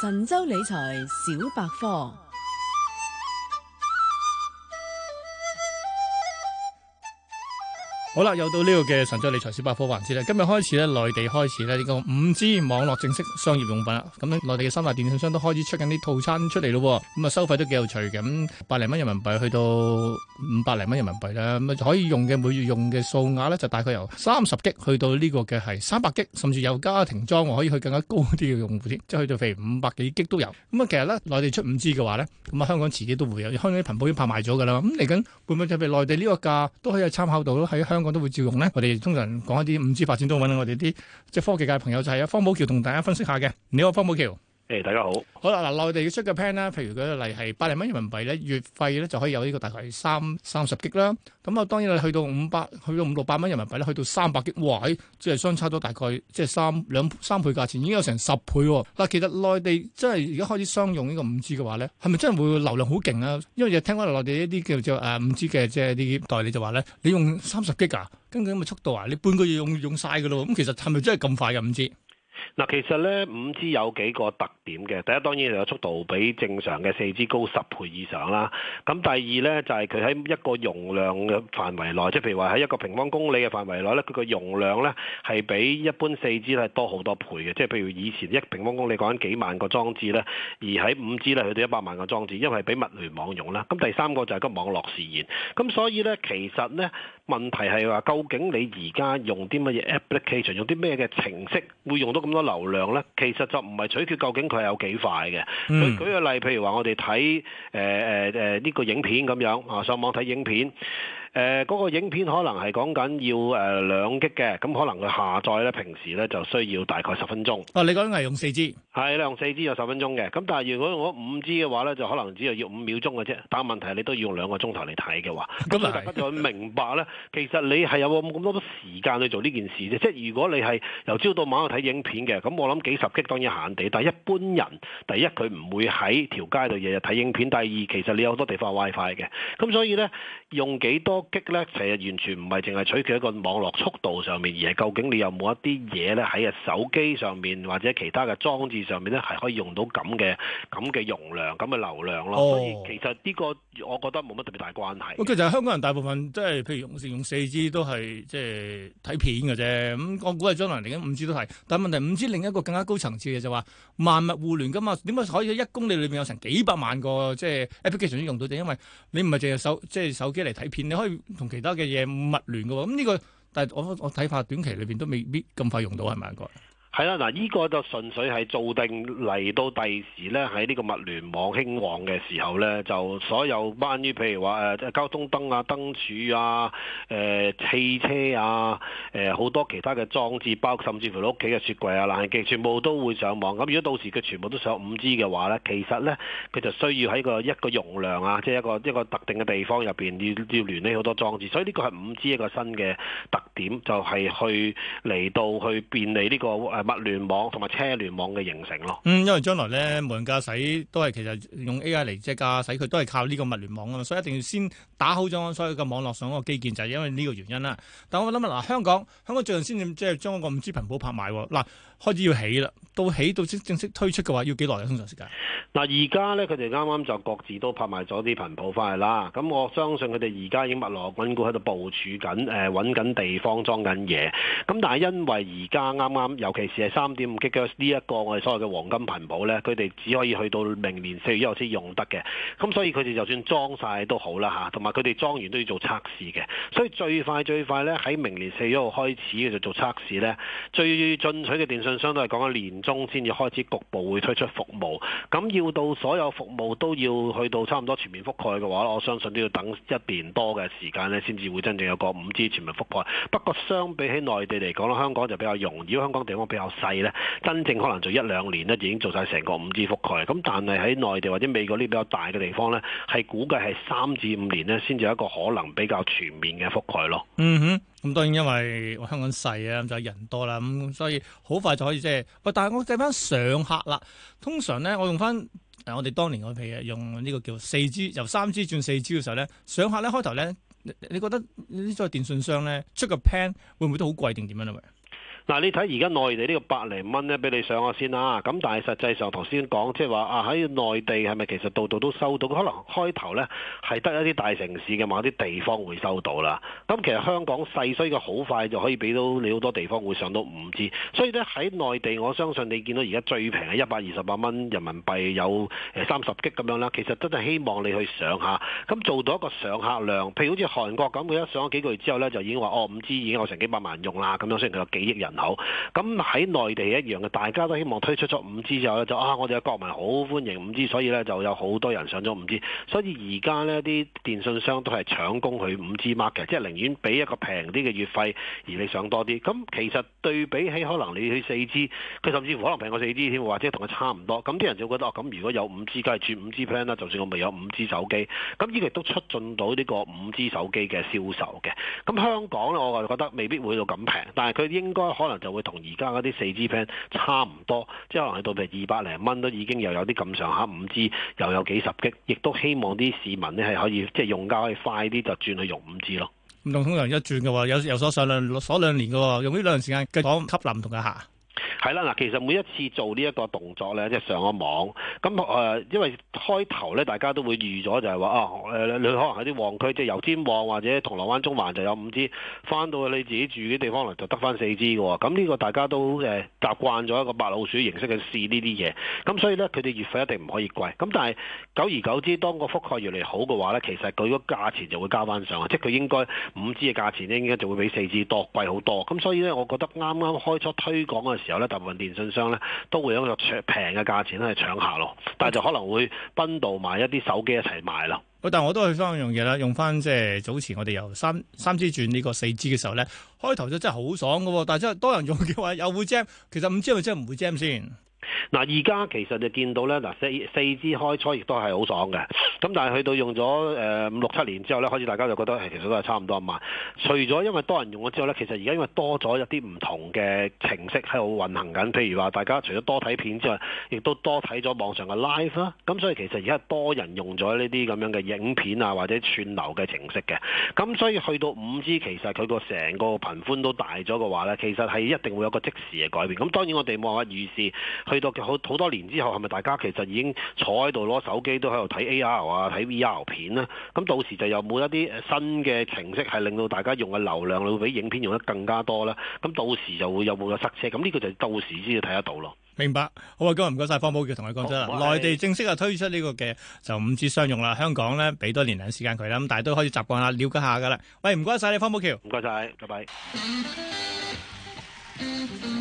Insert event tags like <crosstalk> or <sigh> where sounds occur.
神州理財小百科。好啦，又到呢個嘅神州理財小百科環節啦。今日開始咧，內地開始咧呢個五 G 網絡正式商業用品啦。咁內地嘅三大電信商都開始出緊啲套餐出嚟咯。咁、嗯、啊，收費都幾有趣，咁百零蚊人民幣去到五百零蚊人民幣啦。咁、嗯、啊，可以用嘅每月用嘅數額咧，就大概由三十 G 去到呢個嘅係三百 G，甚至有家庭裝可以去更加高啲嘅用戶添，即係去到譬如五百幾 G 都有。咁、嗯、啊，其實呢，內地出五 G 嘅話呢，咁、嗯、啊，香港遲啲都會有。香港啲頻譜已經拍賣咗噶啦，咁嚟緊會唔會特別內地呢個價都可以參考到咧？喺香香港都會照用咧。我哋通常講一啲五 G 發展都揾，我哋啲即係科技界嘅朋友就係啊，方保僑同大家分析下嘅。你好，方保僑。大家好！好啦，嗱，內地要出嘅 plan 咧，譬如舉個例係百零蚊人民幣咧，月費咧就可以有呢個大概三三十 G 啦。咁啊，當然你去到五百，去到五六百蚊人民幣咧，去到三百 G，哇！誒，即係相差咗大概即係三兩三倍價錢，已經有成十倍。嗱，其實內地真係而家開始商用呢個五 G 嘅話咧，係咪真係會流量好勁啊？因為有聽翻內地一啲叫做誒五 G 嘅即係啲代理就話咧，你用三十 G 啊，根據咁嘅速度啊，你半個月用用晒噶咯。咁其實係咪真係咁快嘅五 G？嗱，其實咧五 G 有幾個特點嘅，第一當然係有速度比正常嘅四 G 高十倍以上啦。咁第二咧就係佢喺一個容量嘅範圍內，即係譬如話喺一個平方公里嘅範圍內咧，佢個容量咧係比一般四 G 咧多好多倍嘅。即係譬如以前一平方公里講緊幾萬個裝置咧，而喺五 G 咧佢到一百萬個裝置，因為俾物聯網用啦。咁第三個就係個網絡時延，咁所以咧其實咧。問題係話，究竟你而家用啲乜嘢 application，用啲咩嘅程式，用麼程式會用到咁多流量呢？其實就唔係取決究竟佢係有幾快嘅。舉、嗯、舉個例，譬如話我哋睇誒誒誒呢個影片咁樣啊，上網睇影片。誒嗰，呃那個影片可能係講緊要誒兩 G 嘅，咁、呃、可能佢下載咧平時咧就需要大概十分鐘。啊，你講緊用四 G，係用四 G 有十分鐘嘅。咁但係如果用五 G 嘅話咧，就可能只係要五秒鐘嘅啫。但問題係你都要用兩個鐘頭嚟睇嘅話，咁就明白咧。 <laughs> 其實你係有冇咁多時間去做呢件事啫？即係如果你係由朝到晚去睇影片嘅，咁我諗幾十 G 當然閒地。但係一般人，第一佢唔會喺條街度日日睇影片，第二其實你有好多地方有 WiFi 嘅。咁所以咧，用幾多？激咧，其實完全唔係淨係取決一個網絡速度上面，而係究竟你有冇一啲嘢咧喺啊手機上面或者其他嘅裝置上面咧係可以用到咁嘅咁嘅容量、咁嘅流量咯。所以其實呢個我覺得冇乜特別大關係。咁其實香港人大部分即係譬如用先用四 G 都係即係睇片㗎啫，咁我估係將來嚟緊五 G 都係。但問題五 G 另一個更加高層次嘅就話萬物互聯噶嘛？點解可以一公里裏面有成幾百萬個即係 application 用到？就因為你唔係淨係手即係手機嚟睇片，你可以。同其他嘅嘢密聯嘅喎，咁呢個，但係我我睇法短期裏邊都未必咁快用到，係咪啊哥？係啦，嗱、啊呢個就純粹係做定嚟到第時咧，喺呢個物聯網興旺嘅時候咧，就所有關於譬如話誒、呃、交通燈啊、燈柱啊、誒、呃、汽車啊、誒、呃、好多其他嘅裝置，包括甚至乎屋企嘅雪櫃啊、冷氣機，全部都會上網。咁如果到時佢全部都上五 G 嘅話咧，其實咧佢就需要喺個一個容量啊，即係一個一個特定嘅地方入面要要連起好多裝置，所以呢個係五 G 一個新嘅特點，就係、是、去嚟到去便利呢個、呃物聯網同埋車聯網嘅形成咯，嗯，因為將來咧無人駕駛都係其實用 A.I. 嚟即係駕駛，佢都係靠呢個物聯網啊嘛，所以一定要先打好咗所有嘅網絡上個基建，就係因為呢個原因啦。但我諗下，嗱，香港香港最近先至即係將嗰個 5G 頻譜拍賣，嗱開始要起啦，到起到正式推出嘅話，要幾耐啊？通常時間嗱，而家咧佢哋啱啱就各自都拍賣咗啲頻譜翻嚟啦，咁我相信佢哋而家已經物聯網軍喺度部署緊，誒揾緊地方裝緊嘢，咁但係因為而家啱啱尤其。係三點五吉赫呢一個我哋所謂嘅黃金頻譜呢，佢哋只可以去到明年四月一號先用得嘅，咁所以佢哋就算裝晒都好啦嚇，同埋佢哋裝完都要做測試嘅，所以最快最快呢，喺明年四月一號開始就做測試呢。最進取嘅電信商都係講緊年中先至開始局部會推出服務，咁要到所有服務都要去到差唔多全面覆蓋嘅話，我相信都要等一年多嘅時間呢，先至會真正有個五 G 全面覆蓋。不過相比起內地嚟講，香港就比較容易，香港地方比較較細咧，真正可能做一兩年咧，已經做晒成個五 G 覆蓋。咁但係喺內地或者美國呢，比較大嘅地方咧，係估計係三至五年咧，先至有一個可能比較全面嘅覆蓋咯。嗯哼，咁當然因為我香港細啊，就人多啦，咁所以好快就可以即係。不過但係我計翻上客啦，通常咧我用翻誒我哋當年嗰期啊，用呢個叫四 G 由三 G 轉四 G 嘅時候咧，上客咧，開頭咧，你你覺得這呢啲咁嘅電信商咧出個 plan 會唔會都好貴定點樣咧？嗱，你睇而家內地呢個百零蚊咧，俾你上下先啦。咁但係實際上才說，頭先講即係話啊，喺內地係咪其實度度都收到？可能開頭呢係得一啲大城市嘅，某啲地方會收到啦。咁其實香港細，所以佢好快就可以俾到你好多地方會上到五 G。所以呢，喺內地，我相信你見到而家最平嘅一百二十八蚊人民幣有三十 G 咁樣啦。其實真係希望你去上下，咁做到一個上客量。譬如好似韓國咁，佢一上咗幾個月之後呢，就已經話哦，五 G 已經有成幾百萬人用啦。咁樣雖然佢有幾億人。咁喺內地一樣嘅，大家都希望推出咗五 G 之後咧，就啊我哋嘅國民好歡迎五 G，所以咧就有好多人上咗五 G。所以而家呢啲電信商都係搶攻佢五 G market 嘅，即係寧願俾一個平啲嘅月費，而你上多啲。咁其實對比起可能你去四 G，佢甚至乎可能平過四 G 添，或者同佢差唔多。咁啲人就會覺得咁、哦、如果有五 G，梗係轉五 G plan 啦。就算我未有五 G 手機，咁呢個亦都促進到呢個五 G 手機嘅銷售嘅。咁香港呢，我就覺得未必會到咁平，但係佢應該可。可能就會同而家嗰啲四 G plan 差唔多，即係可能係到第二百零蚊都已經又有啲咁上下五 G，又有幾十 G，亦都希望啲市民係可以即係用家可以快啲就轉去用五 G 咯。唔同通常一轉嘅話，有有所上兩，所兩年嘅喎，用呢兩年時間講吸納唔同嘅客。係啦，嗱，其實每一次做呢一個動作咧，即係上個網咁誒、呃，因為開頭咧，大家都會預咗就係話，啊誒，你可能喺啲旺區，即係油尖旺或者銅鑼灣中環就有五支，翻到去你自己住嘅地方，可能就得翻四支嘅喎。咁呢個大家都誒、呃、習慣咗一個白老鼠形式去試呢啲嘢，咁所以咧，佢哋月費一定唔可以貴。咁但係久而久之，當個覆蓋越嚟好嘅話咧，其實佢個價錢就會加翻上，即係佢應該五支嘅價錢呢，應該就會比四支多貴好多。咁所以咧，我覺得啱啱開初推廣嘅時候咧。大部分電信商咧都會有一個平嘅價錢去搶下咯，但係就可能會分到埋一啲手機一齊買咯，嗯、咯。但係我都係講一樣嘢啦，用翻即係早前我哋由三三 G 轉呢個四 G 嘅時候咧，開頭就真係好爽㗎喎，但係真係多人用嘅話又會 jam。其實五 G 係咪真係唔會 jam 先？嗱，而家其實就見到咧，嗱，四四 G 開初亦都係好爽嘅，咁但係去到用咗誒五六七年之後咧，開始大家就覺得係其實都係差唔多咁嘛。除咗因為多人用咗之後咧，其實而家因為多咗一啲唔同嘅程式喺度運行緊，譬如話大家除咗多睇片之外，亦都多睇咗網上嘅 live 啦，咁所以其實而家多人用咗呢啲咁樣嘅影片啊或者串流嘅程式嘅，咁所以去到五 G 其實佢個成個頻寬都大咗嘅話咧，其實係一定會有個即時嘅改變。咁當然我哋冇法預示去。好好多年之後，係咪大家其實已經坐喺度攞手機都喺度睇 AR 啊、睇 VR 片咧？咁到時就有冇一啲新嘅程式係令到大家用嘅流量會比影片用得更加多啦？咁到時就會有冇有塞車？咁呢個就到時先至睇得到咯。明白，好啊，今日唔該晒方保僑同你講真啦，好內地正式啊推出呢、這個嘅就五 G 商用啦。香港咧俾多年嘅時間佢啦，咁大家都開始習慣下、瞭解下噶啦。喂，唔該晒你，方保僑，唔該晒，拜拜。拜拜。